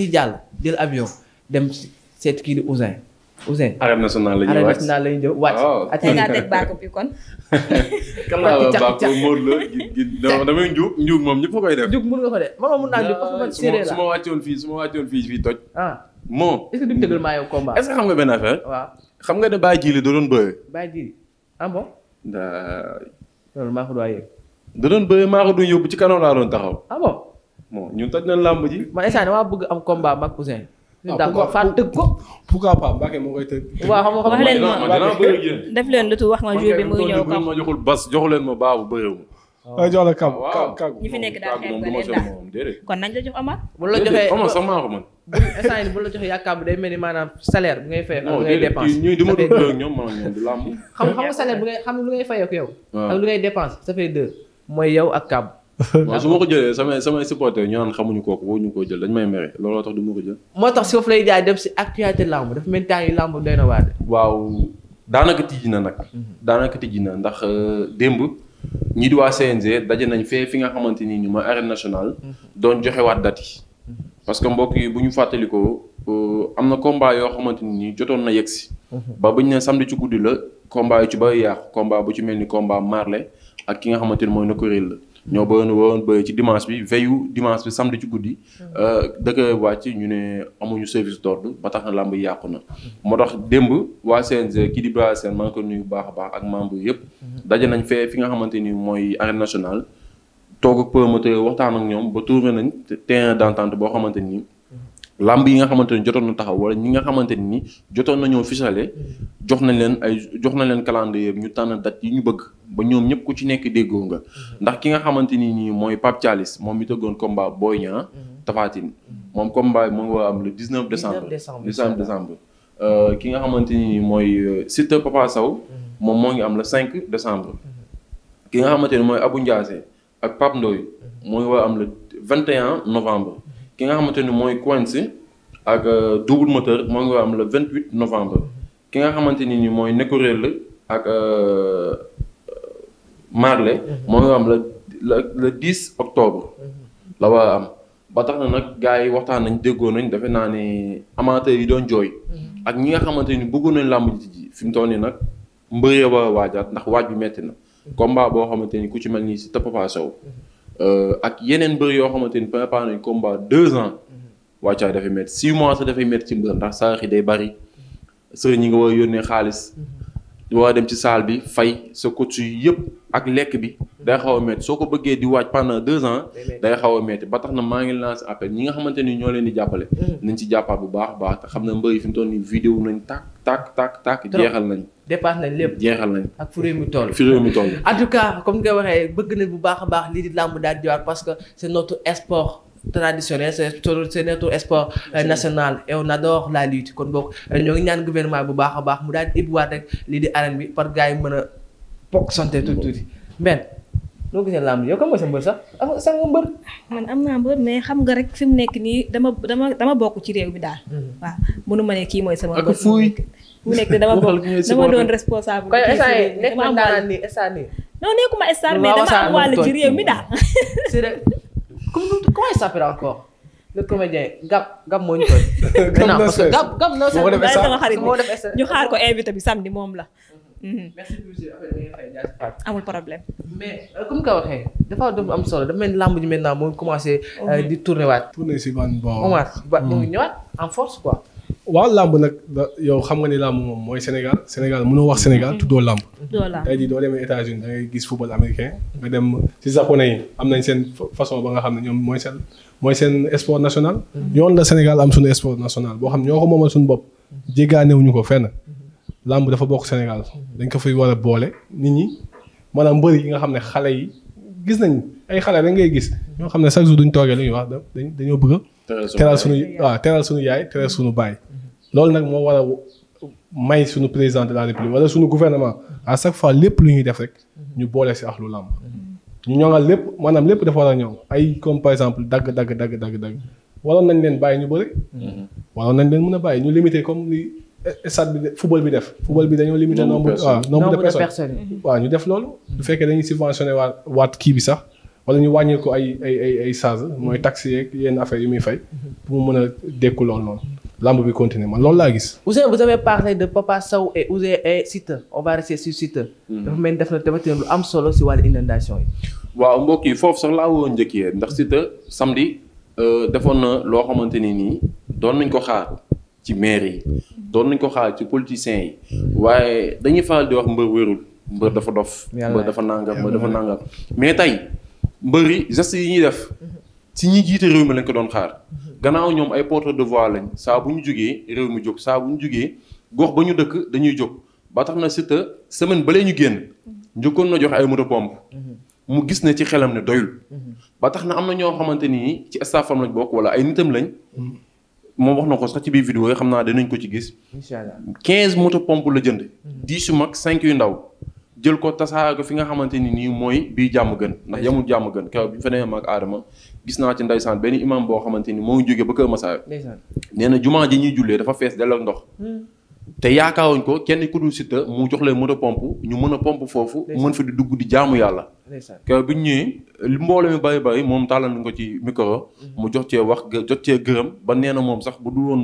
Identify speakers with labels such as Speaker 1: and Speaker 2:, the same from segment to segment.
Speaker 1: dañuy jàll jël avion dem seet kii di Ousin Ousin. arène nationale la ñuy wàcc arène la ñuy jëm wàcc. tey ngaa teg bàkku bi kon. moom
Speaker 2: ñëpp fa koy def. njuub mun nga
Speaker 1: mun naa njuub su ma
Speaker 2: wàccoon fii su ma wàccoon fii fii toj. ah moo.
Speaker 1: est-ce que duñu dëggal maa est xam nga benn affaire. waaw
Speaker 2: xam nga ne Baye Jili da doon bëre.
Speaker 1: Baye Jili ah bon.
Speaker 2: loolu maa ko doon yëg. da doon bëre maa ko doon yóbbu ci kanam laa doon taxaw. Ah bon ñun toj nañ làmb ji. man instant damaa bëgg am combat mag Ouzin.
Speaker 1: ah d'accord Fatou tëgg ko.
Speaker 2: pourquoi pas Mbacké moo koy tëgg. waaw xam nga wax leen ma
Speaker 1: def leen lutu wax ma jour bi muy ñëw
Speaker 2: kam ma joxul bas jox leen ma baabu bëreew ma.
Speaker 1: Ah,
Speaker 3: waaw jox
Speaker 2: la kam
Speaker 1: ah, kam ñi fi nekk kon nañ la jox Amar. bu la joxee Amar sax maa ko man. instant yii bu la joxee yaakaar bu day mel ni maanaam salaire bi ngay fay. ak ngay dépense ñuy dama doon
Speaker 2: dëgg ñoom man ñoom du lamb. xam xam
Speaker 1: nga ngay xam lu ak yow. ak lu ngay dépense ça ak kàbb
Speaker 2: waaw su ma ko jëlee samay samay supporter ñu naan xamuñu kooku woo ñu ko jël dañ may mere looloo tax du ma ko jël.
Speaker 1: moo tax suuf lay jaay dem si actualité làmb dafa mel ni làmb na waat.
Speaker 2: waaw daanaka tijji na nag. daanaka tijji na ndax euh, démb ñii waa CNG daje nañ fee fi nga xamante ni mooy arène nationale. doon joxe waat parce que mbokk yi bu ñu fàttalikoo euh, am na combat yoo xamante ni jotoon na yegsi. ba bu ñu nee ci guddi la combat yu ci bay yàqu bu ci mel ni combat Marley ak ki nga xamante ne mooy Nokorel la. ñoo bëyoon waroon bëy ci dimanche bi veyu dimanche bi samedi ci guddi hmm. euh, dëkk wàcc ñu ne amuñu service d'ordre ba tax na làmb yi yàqu na moo tax démb waa CNG kii di Bra Sène maa ngi ko nuyu baax a baax ak membre yëpp hmm. daje nañ fee fi nga xamante ni mooy arène nationale toog ak promoteur waxtaan ak ñoom ba trouvé nañ terrain d'entente boo xamante ni làmb yi nga xamante ni jotoon na taxaw wala ñi nga xamante ni jotoon na ñoo fisale jox nañ leen ay jox na leen calendrier ñu tànn date yi ñu bëgg ba ñoom ñëpp ku ci nekk déggoo nga ndax ki nga xamante ni nii mooy Pape moom mi tëggoon combat Boy Niang Tapha Tine moom combat bi mu ngi war a am le 19 décembre 19 décembre euh, ki nga xamante ni mooy euh, Siteu Papa Sow moom moo ngi am le 5 décembre ki nga xamante ni mooy Abou Ndiassé ak Pape Ndoye moo ngi war am le 21 novembre ki nga xamante ni mooy Quincy ak euh, double moteur moo ngi am le 28 novembre ki nga xamante ni mooy la ak euh,
Speaker 1: marle mhm. moo ngi
Speaker 2: am le le 10 octobre mhm. la war am ba tax na nag gars yi waxtaan nañ déggoon nañ defe naa ni amateur yi doon jooy mhm. ak ñi nga xamante ni bëggoon nañ làmb ji fi mu toll nii nag mbëree waa a waajaat ndax waaj bi metti na combat boo xamante ni ku ci mel nii si te Papa Sow Euh, ak yeneen mbër yoo xamante ni préparé nañ combat deux ans mhm. wàccaay dafay métti six mois sa dafay métti ci mbër ndax sarax yi day bari mhm. sëriñ ñi nga war yónnee xaalis mhm. waa dem ci saal bi fay sa coach yi yëpp ak lekk bi day xaw a soo ko bëggee di waaj pendant deux ans day xaw a métti ba tax na maa ngi lancé appel ñi nga xamante ni ñoo leen di jàppale mm. nañ ci jàppaat bu baax baax te xam na mbëri fi mu toll nii vidéo nañ tàkk tàkk tàkk tàkk jeexal nañ
Speaker 1: dépasse nañ lépp jeexal nañ ak fu réew mi toll fu réew mi toll en comme nga waxee bëgg nañ bu baax a baax lii di làmb daal di waat parce que c'est notre sport traditionnel c'est notre sport euh, national et on adore la lutte kon boog euh, ñoo ngi ñaan gouvernement bu baax baax mu daal lii di arène bi par gars yi mën a bokk santé tuuti tuuti mbenn noo sa mbër sax ah, sax nga mbër man am naa mbër mais xam nga rek fi mu nekk nii dama dama dama bokk ci réew mi daal mhm. waaw ma ne mooy sama mu nekk dama bokk dama doon responsable kon instant yi nekk nekkuma star mais dama am wàll ci réew mi daal comment il s'appelle encore le comédien Gab Gab moo ñu koy. Gab parce que Gab Gab non seulement def xarit ñu xaar ko invité bi samedi moom la. Mm-hmm. Mm-hmm. merci beaucoup amul problème. mais euh, comme ka waxee dafa doon am solo dafa mel ni làmb ji maintenant moo commencé. Euh, di tourner waat. tourner si ban bon Omar ba mm. mu ñëwaat en force quoi. waaw làmb nag
Speaker 3: yow xam nga ni làmb moom mooy Sénégal Sénégal mënoo wax Sénégal tuddoo làmb. tuddoo làmb tey jii doo demee États-Unis da gis football américain nga dem ci japonais yi am nañ seen façon ba nga xam ne ñoom mooy seen mooy seen sport national. ñoo mm-hmm. la Sénégal am suñu sport national boo xam ñoo ko moomal suñu bopp. jéggaanewuñu ko fenn. Mm-hmm. làmb dafa bokk Sénégal dañ ko fay war a boole nit ñi maanaam mbëri yi nga xam ne xale yi gis nañ ay xale rek ngay gis ñoo xam ne chaque jour duñ toogee lu ñuy wax dañoo bëgg teral suñu waaw suñu yaay suñu baay loolu nag moo war a may suñu président de la république wala suñu gouvernement à chaque fois lépp lu ñuy def rek ñu boole si ax lu làmb ñu ñoŋal lépp maanaam lépp dafa war a ñoŋ ay comme par exemple dagg dagg dagg dagg dagg waroon nañ leen bàyyi ñu bëri. Mm-hmm. waroon nañ leen mën a bàyyi ñu limité comme li stade bi football bi def. football bi dañoo limité nombre waaw nombre de personnes mm-hmm. waa ñu def loolu. bu fekkee dañuy subventionné waat waat kii bi sax wala ñu wàññi ay ay ay ay mooy taxes yeeg yenn yu muy fay. Mm-hmm. pour mën a dékku loolu noonu. lamb bi continuer man loolu laa gis.
Speaker 1: Ouzin vous avez parlé de Papa Sow et Ouzin et Siteu on va rester sur mm-hmm. dafa mel ni def na tamit lu am solo si wàllu inondation yi.
Speaker 2: waaw mbokk yi foofu sax laa woon njëkkee ndax Siteu samedi euh, defoon na loo xamante ni nii doon nañ ko xaar ci maire yi doon nañ ko xaar ci politiciens yi waaye dañuy faral di wax mbër wérul mbër dafa dof. mbër dafa nangam mbër dafa nangam mais tey mbër yi geste yi ñu def. Mm-hmm. si ñi jiite réew mi lañ ko doon xaar gannaaw ñoom ay porte de voix lañ saa bu ñu jógee réew mi jóg saa bu ñu jógee gox ba ñu dëkk dañuy jóg ba tax na Siteu semaine balee ñu génn njëkkoon na jox ay moto pompe mu gis ne ci xelam ne doyul ba tax na am na ñoo xamante ni ci staffam lañ bokk wala ay nitam lañ moom wax na ko sax ci biir vidéo yi xam naa danañ ko ci gis inchallah quinze moto pompe la jënd mhm. dix mag cinq yu ndaw jël ko tasaare ko fi nga xamante ni nii mooy bii jàmm gën ndax yamul jàmm gën kaw bi ñu fa gis naa ci ndaysaan benn imam boo xamante ni moom jóge ba Kër Masaar nee na jumaa ji ñuy jullee dafa fees dell ak ndox hmm. te yaakaaruñ ko kenn ku dul Siteu mu jox leen moto pompe ñu mën a pompe foofu mën fa di dugg di jaamu yàlla kew bi ñu li mbooloo mi bari bari moom tàllal nga ko ci hmm. mu jox cee wax jot cee gërëm ba nee na moom sax bu dul woon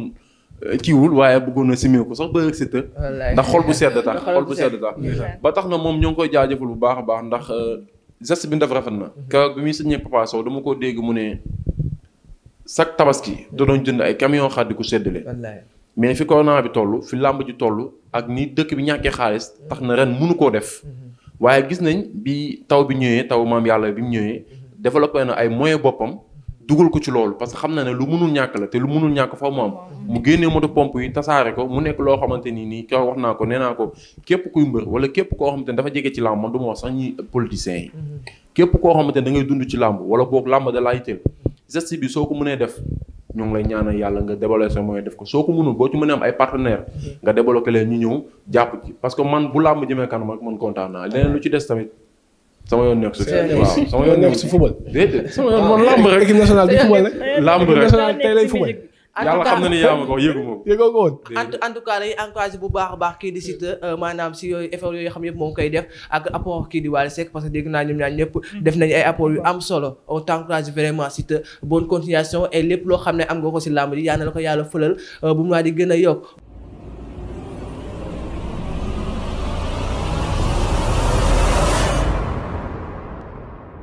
Speaker 2: eh, kiiwul waaye bëggoon na simee ko sax bëgg Siteu ndax xol bu sedd tax bu sedd tax ba tax na moom ñoo ngi koy jaajëfal bu baax a baax ndax eh, geste bi ñu def rafet na. Mhm. keroog bi muy signé Papa Sow dama ko dégg mu ne chaque tabaski da doon jënd ay camion xaar di ko séddale. mais fi corona bi toll fi làmb ji toll ak ni dëkk bi ñàkkee xaalis tax na ren mënu koo def. Mhm. waaye gis nañ bi taw bi ñëwee taw maam yàlla bi mu ñëwee mhm. développé na ay moyens boppam. dugal ko ci loolu parce que xam na ne lu mënul ñàkk la te lu mënul ñàkk fa mu am mu génnee moto pompe yi tasaare ko mu nekk loo xamante nii nii ko wax naa ko nee ko képp kuy mbër wala képp koo xamante ne dafa jege ci làmb man du ma wax sax ñi politiciens yi képp koo xamante ne da dund ci làmb wala boog làmb da yitteel geste bi soo ko mënee def ñu ngi lay ñaanal yàlla nga débloqué sa moyen def ko soo ko mënul boo ci mënee am ay partenaire nga sama yoon nekk si waaw
Speaker 1: sama ah. rek. équipe nationale bi football rek. lamb rek tey lay football. yàlla xam na ni yaa ma ko yëgu ma bu baax a baax kii di Siteu euh, maanaam si yooyu effort yooyu xam yëpp moo ngi koy def ak apport kii di Wally Seck parce que dégg naa ñoom ñaar ñëpp mm. def nañu ay apport yu am solo on t'encourage vraiment Siteu bonne continuation et lépp loo xam ne am nga ko si làmb ji yal la ko yàlla fëlal euh, bu mu di gën a yokk